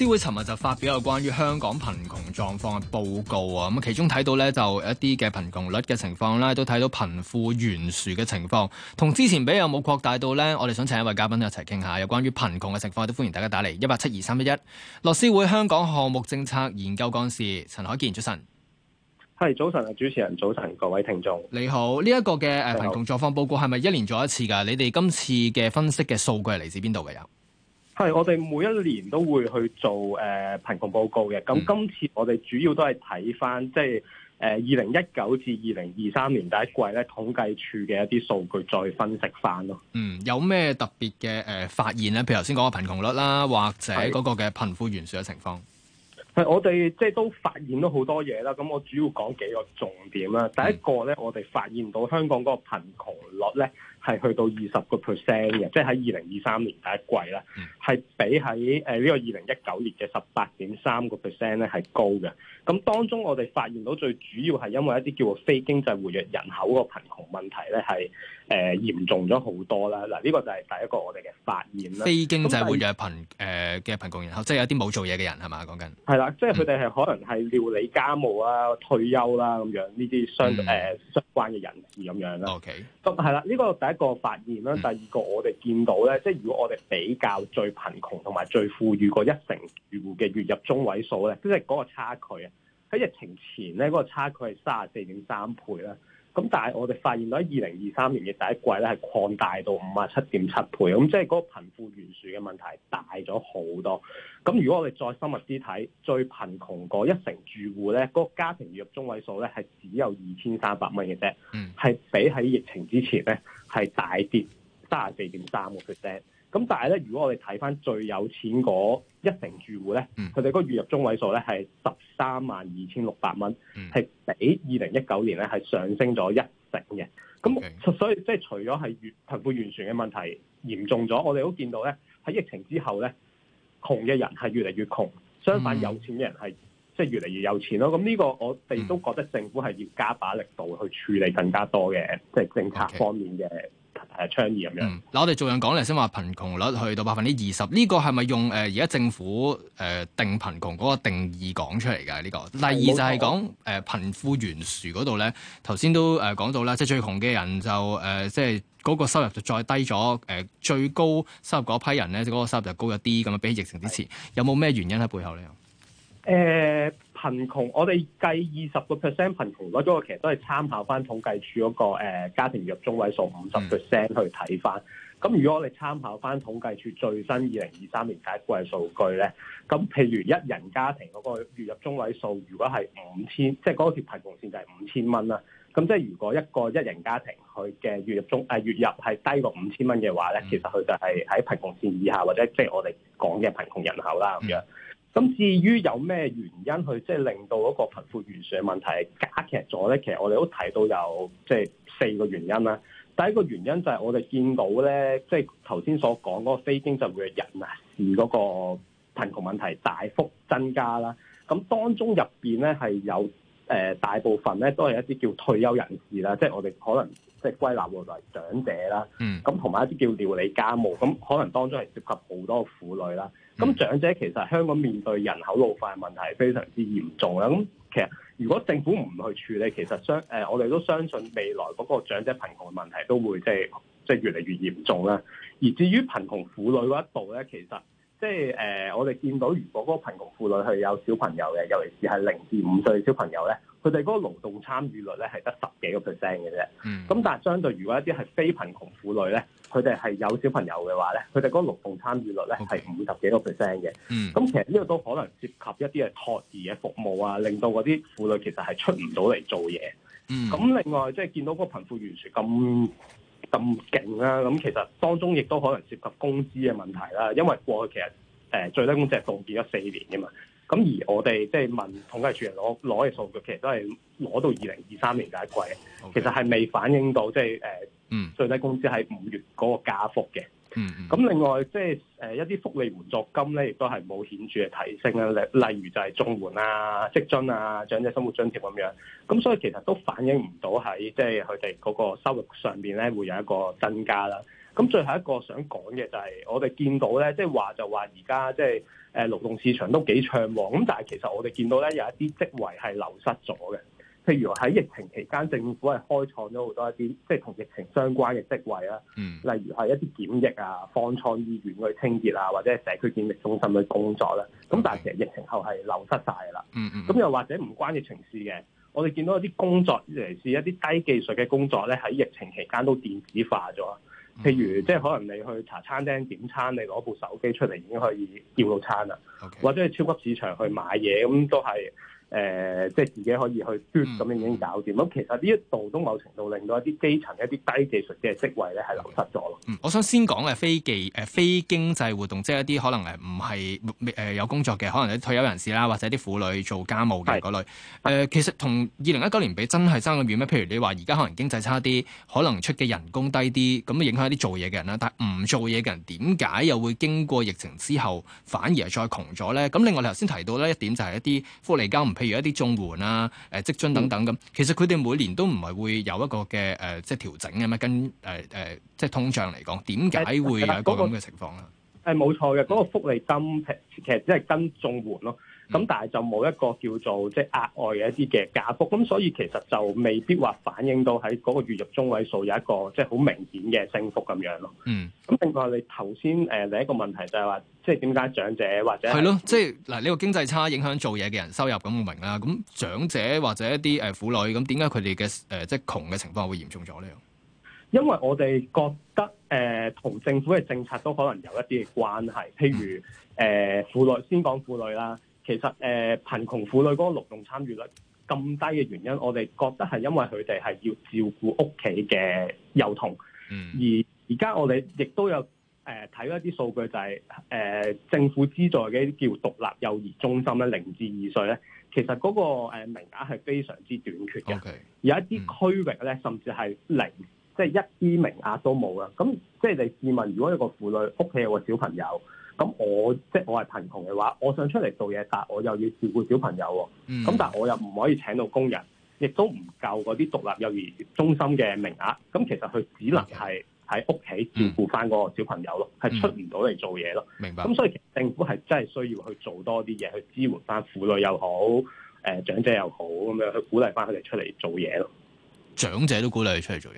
樂施會尋日就發表有關於香港貧窮狀況嘅報告啊，咁其中睇到咧就一啲嘅貧窮率嘅情況啦，都睇到貧富懸殊嘅情況，同之前比有冇擴大到咧？我哋想請一位嘉賓一齊傾下有關於貧窮嘅情況，都歡迎大家打嚟一八七二三一一。樂施會香港項目政策研究幹事陳愷健，早晨。係早晨啊，主持人，早晨各位聽眾，你好。呢一個嘅誒貧窮狀況報告係咪一年做一次噶？你哋今次嘅分析嘅數據係嚟自邊度嘅有？係，我哋每一年都會去做誒、呃、貧窮報告嘅。咁今次我哋主要都係睇翻，即係誒二零一九至二零二三年第一季咧統計處嘅一啲數據，再分析翻咯。嗯，有咩特別嘅誒、呃、發現咧？譬如頭先講個貧窮率啦，或者嗰個嘅貧富懸殊嘅情況。係，我哋即係都發現到好多嘢啦。咁我主要講幾個重點啦。第一個咧，嗯、我哋發現到香港嗰個貧窮率咧。係去到二十個 percent 嘅，即係喺二零二三年第一季啦，係、嗯、比喺誒呢個二零一九年嘅十八點三個 percent 咧係高嘅。咁當中我哋發現到最主要係因為一啲叫做非經濟活躍人口個貧窮問題咧係誒嚴重咗好多啦。嗱，呢個就係第一個我哋嘅發現啦。非經濟活躍貧誒嘅貧窮人口，即係有啲冇做嘢嘅人係嘛講緊？係啦，即係佢哋係可能係料理家務呀、退休啦咁樣，呢啲相誒、嗯呃、相關嘅人士咁樣啦。OK，咁係啦，呢、這個第一個發現啦，第二個我哋見到咧，即係如果我哋比較最貧窮同埋最富裕嗰一成住戶嘅月入中位數咧，即係嗰個差距啊，喺疫情前咧，嗰個差距係三十四點三倍啦。咁但係我哋發現到喺二零二三年嘅第一季咧，係擴大到五十七點七倍，咁即係嗰個貧富懸殊嘅問題大咗好多。咁如果我哋再深入啲睇，最貧窮嗰一成住戶咧，嗰、嗰個家庭月入中位數咧係只有二千三百蚊嘅啫，係、嗯、比喺疫情之前咧係大跌三十四點三個 percent。咁但係咧，如果我哋睇翻最有錢嗰一成住戶咧，佢哋個月入中位數咧係十三萬二千六百蚊，係、嗯、比二零一九年咧係上升咗一成嘅。咁 Okay. 所以即係除咗係貧富懸殊嘅問題嚴重咗，我哋都見到咧喺疫情之後咧，窮嘅人係越嚟越窮，相反有錢嘅人係即係越嚟越有錢咯。咁呢、嗯、個我哋都覺得政府係要加把力度去處理更加多嘅即係政策方面嘅。Okay. 倡議咁樣，嗱、嗯、我哋做人講嚟先話貧窮率去到百分之二十，呢、這個係咪用誒而家政府誒、呃、定貧窮嗰個定義講出嚟㗎？呢、這個第二就係講誒貧富懸殊嗰度咧，頭先都誒講到啦，即係最窮嘅人就誒、呃，即係嗰個收入就再低咗，誒、呃、最高收入嗰批人咧，嗰、那個收入就高一啲咁啊，比起疫情之前，是有冇咩原因喺背後咧？誒、呃。貧窮，我哋計二十個 percent 貧窮率嗰個，其實都係參考翻統計處嗰個家庭月入中位數五十 percent 去睇翻。咁、嗯、如果我哋參考翻統計處最新二零二三年第一季數據咧，咁譬如一人家庭嗰個月入中位數，如果係五千，即係嗰條貧窮線就係五千蚊啦。咁即係如果一個一人家庭佢嘅月入中誒月入係低過五千蚊嘅話咧，嗯、其實佢就係喺貧窮線以下，或者即係我哋講嘅貧窮人口啦咁樣。嗯咁至於有咩原因去即係令到嗰個貧富懸殊嘅問題加劇咗咧？其實我哋都提到有即係四個原因啦。第一個原因就係我哋見到咧，即係頭先所講嗰個非經濟活躍人啊，而嗰個貧窮問題大幅增加啦。咁當中入邊咧係有。誒、呃、大部分咧都係一啲叫退休人士啦，即係我哋可能即係歸納為長者啦。嗯，咁同埋一啲叫料理家務，咁可能當中係涉及好多婦女啦。咁、嗯、長者其實香港面對人口老化嘅問題係非常之嚴重嘅。咁、嗯、其實如果政府唔去處理，其實相誒、呃、我哋都相信未來嗰個長者貧窮嘅問題都會即係即係越嚟越嚴重啦。而至於貧窮婦女嗰一度咧，其實。即係誒、呃，我哋見到如果嗰個貧窮婦女係有小朋友嘅，尤其是係零至五歲小朋友咧，佢哋嗰個勞動參與率咧係得十幾個 percent 嘅啫。嗯。咁但係相對，如果一啲係非貧窮婦女咧，佢哋係有小朋友嘅話咧，佢哋嗰個勞動參與率咧係五十幾個 percent 嘅。嗯。咁、嗯、其實呢個都可能涉及一啲係托兒嘅服務啊，令到嗰啲婦女其實係出唔到嚟做嘢。嗯。咁另外，即係見到嗰個貧富懸殊咁。咁勁啦！咁其實當中亦都可能涉及工資嘅問題啦，因為過去其實誒、呃、最低工資係凍結咗四年嘅嘛。咁而我哋即係問統計處嚟攞攞嘅數據，其實都係攞到二零二三年第一季，Okay. 其實係未反映到即係誒最低工資喺五月嗰個加幅嘅。嗯，嗯，咁另外即係誒一啲福利援助金咧，亦都係冇顯著嘅提升啦。例例如就係綜援啊、職津啊、長者生活津貼咁樣，咁所以其實都反映唔到喺即係佢哋嗰個收入上邊咧會有一個增加啦。咁最後一個想講嘅就係我哋見到咧，即係話就話而家即係誒勞動市場都幾暢旺，咁但係其實我哋見到咧有一啲職位係流失咗嘅。譬如喺疫情期間，政府係開創咗好多一啲即係同疫情相關嘅職位啦，嗯、例如係一啲檢疫啊、方艙醫院去清潔啊，或者係社區檢疫中心去工作啦。咁、嗯、但係其實疫情後係流失曬啦。咁、嗯嗯嗯、又或者唔關疫情事嘅，我哋見到一啲工作，尤其是一啲低技術嘅工作咧，喺疫情期間都電子化咗。譬如即係可能你去茶餐廳點餐，你攞部手機出嚟已經可以叫到餐啦，嗯嗯、或者係超級市場去買嘢，咁都係。誒，即係自己可以去 do 咁樣已經搞掂。咁、嗯嗯嗯、其實呢一度都某程度令到一啲基層一啲低技術嘅職位咧係流失咗咯、嗯。我想先講嘅非技誒、呃、非經濟活動，即係一啲可能誒唔係誒有工作嘅，可能啲退休人士啦，或者啲婦女做家務嘅嗰類、呃。其實同二零一九年比，真係差咁遠咩？譬如你話而家可能經濟差啲，可能出嘅人工低啲，咁影響一啲做嘢嘅人啦。但係唔做嘢嘅人點解又會經過疫情之後反而係再窮咗咧？咁另外頭先提到呢一點就係一啲福利交唔。譬如一啲綜援啦、誒職津等等咁，其實佢哋每年都唔係會有一個嘅誒、呃，即係調整嘅咩？跟誒誒、呃，即係通脹嚟講，點解會有一個咁嘅情況咧？誒、那個，冇、嗯、錯嘅，嗰、那個福利金其實只係跟綜援咯。咁、嗯、但係就冇一個叫做即係額外嘅一啲嘅加幅，咁所以其實就未必話反映到喺嗰個月入中位數有一個即係好明顯嘅升幅咁樣咯。嗯，咁另外你頭先誒另一個問題就係話，即係點解長者或者係咯，即係嗱呢個經濟差影響做嘢嘅人收入咁明啦。咁長者或者一啲誒婦女咁點解佢哋嘅誒即係窮嘅情況會嚴重咗呢？因為我哋覺得誒同、呃、政府嘅政策都可能有一啲嘅關係，譬如誒、呃、婦女先講婦女啦。其實誒、呃、貧窮婦女嗰個勞動參與率咁低嘅原因，我哋覺得係因為佢哋係要照顧屋企嘅幼童。嗯。而而家我哋亦都有誒睇、呃、一啲數據，就係、是、誒、呃、政府資助嘅一啲叫獨立幼兒中心咧，零至二歲咧，其實嗰個名額係非常之短缺嘅。有 Okay, 一啲區域咧，甚至係零，嗯、即係一啲名額都冇喇。咁即係你試問，如果有一個婦女屋企有個小朋友，咁我即係我係貧窮嘅話，我想出嚟做嘢，但我又要照顧小朋友喎。咁、嗯、但係我又唔可以請到工人，亦都唔夠嗰啲獨立幼兒中心嘅名額。咁其實佢只能係喺屋企照顧翻個小朋友咯，係、嗯、出唔到嚟做嘢咯、嗯嗯。明白。咁所以政府係真係需要去做多啲嘢去支援翻婦女又好，誒、呃、長者又好咁樣去鼓勵翻佢哋出嚟做嘢咯。長者都鼓勵你出嚟做嘢。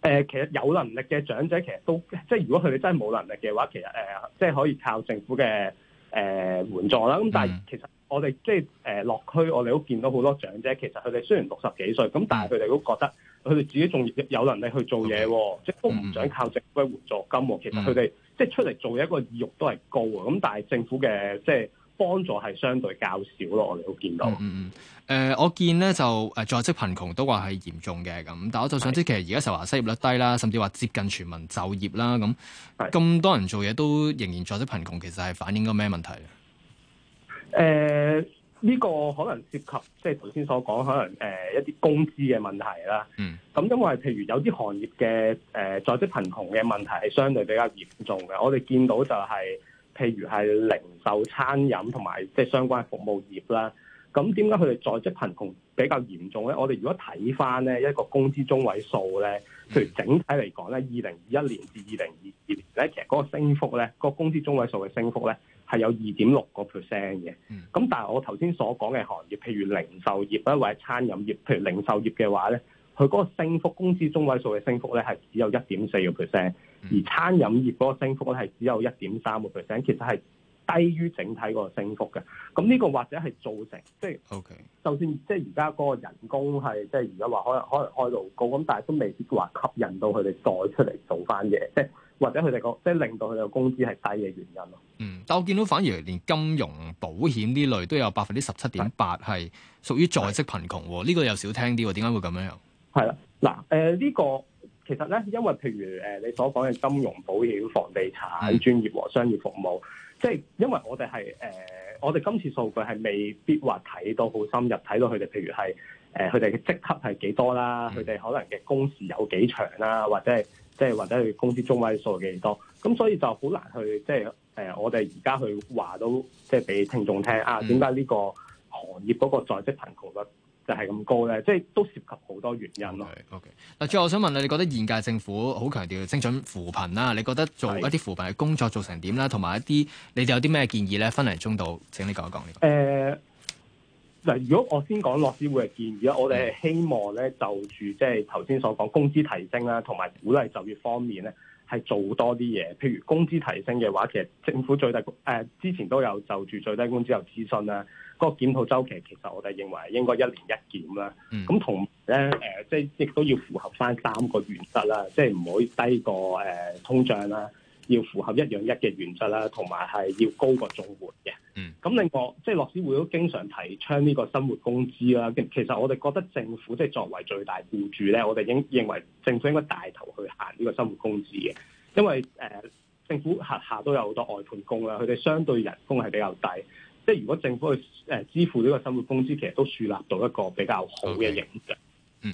誒、呃，其實有能力嘅長者其實都，即係如果佢哋真係冇能力嘅話，其實誒、呃，即係可以靠政府嘅誒、呃、援助啦。咁但係其實我哋即係誒落區，我哋都見到好多長者，其實佢哋雖然六十幾歲，咁但係佢哋都覺得佢哋自己仲有能力去做嘢，嗯、即係都唔想靠政府嘅援助金。嗯、其實佢哋、嗯、即係出嚟做一個意欲都係高啊。咁但係政府嘅即係。幫助係相對較少咯，我哋都見到。嗯嗯，誒、嗯呃，我見咧就誒，在職貧窮都話係嚴重嘅咁。但我就想知，其實而家成話失業率低啦，甚至話接近全民就業啦，咁咁是多人做嘢都仍然在職貧窮，其實係反映咗咩問題咧？誒、呃，呢、這個可能涉及即係頭先所講，可能誒、呃、一啲工資嘅問題啦。嗯。咁因為譬如有啲行業嘅誒在職貧窮嘅問題係相對比較嚴重嘅，我哋見到就係、是。譬如係零售、餐飲同埋即係相關服務業啦，咁點解佢哋在職貧窮比較嚴重咧？我哋如果睇翻咧一個工資中位數咧，譬如整體嚟講咧，二零二一年至二零二二年咧，其實嗰個升幅咧，個工資中位數嘅升幅咧係有二點六個 percent 嘅。咁但係我頭先所講嘅行業，譬如零售業啦，或者餐飲業，譬如零售業嘅話咧。佢嗰個升幅，工資中位數嘅升幅咧，係只有一點四個 percent；而餐飲業嗰個升幅咧，係只有一點三個 percent。其實係低於整體個升幅嘅。咁呢個或者係造成即係，Okay. 就算即係而家嗰個人工係即係而家話可可能開到高咁，但係都未必話吸引到佢哋再出嚟做翻嘢，即係或者佢哋個即係令到佢哋嘅工資係低嘅原因咯。嗯，但我見到反而連金融保險呢類都有百分之十七點八係屬於在職貧窮喎。呢是個又少聽啲喎，點解會咁樣樣？係啦，嗱，誒呢、呃這個其實咧，因為譬如誒、呃、你所講嘅金融、保險、房地產、專業和商業服務，即係因為我哋係誒，我哋今次數據係未必話睇到好深入，睇到佢哋譬如係誒佢哋嘅職級係幾多啦，佢哋、嗯、可能嘅工時有幾長啦，或者係即係或者佢工資中位數幾多，咁所以就好難去即係誒我哋而家去話到即係俾聽眾聽啊，點解呢個行業嗰個在職貧窮率，就係咁高咧，即係都涉及好多原因咯。OK。嗱，最後我想問你，你覺得現屆政府好強調精準扶貧啦，你覺得做一啲扶貧嘅工作做成點啦？同埋的一啲你哋有啲咩建議咧？分嚟中度請你講一講呢、這個。誒，嗱，如果我先講樂施會嘅建議啊，嗯、我哋希望咧就住即係頭先所講工資提升啦，同埋鼓勵就業方面咧，係做多啲嘢。譬如工資提升嘅話，其實政府最低誒、呃、之前都有就住最低工資有諮詢啦。個檢討周期其實我哋認為應該一年一檢啦，咁、嗯、同咧誒，即係亦都要符合翻三個原則啦，即係唔可以低過誒通脹啦，要符合一樣一嘅原則啦，同埋係要高過綜援嘅。咁、嗯、另外，即係樂施會都經常提倡呢個生活工資啦。其實我哋覺得政府即係作為最大僱主咧，我哋應認為政府應該帶頭去行呢個生活工資嘅，因為誒、呃、政府轄下都有好多外判工啦，佢哋相對人工係比較低。即係如果政府去誒支付呢個生活工資，其實都樹立到一個比較好嘅形象，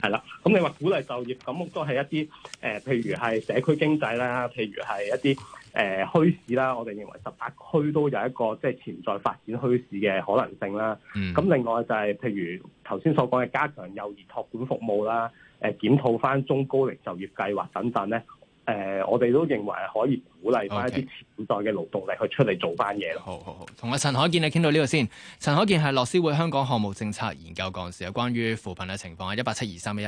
係啦 Okay.。咁你話鼓勵就業，咁都係一啲誒、呃，譬如係社區經濟啦，譬如係一啲誒、呃、墟市啦，我哋認為十八區都有一個即係、就是、潛在發展墟市嘅可能性啦。咁、mm. 另外就係、是、譬如頭先所講嘅加強幼兒托管服務啦，誒檢討返中高齡就業計劃等等咧。誒、呃，我哋都認為可以鼓勵翻一啲潛在嘅勞動力去出嚟做翻嘢咯。好好好，同阿陳愷健嚟傾到呢度先。陳愷健係樂施會香港項目政策研究幹事，有關於扶貧嘅情況，係一八七二三一一。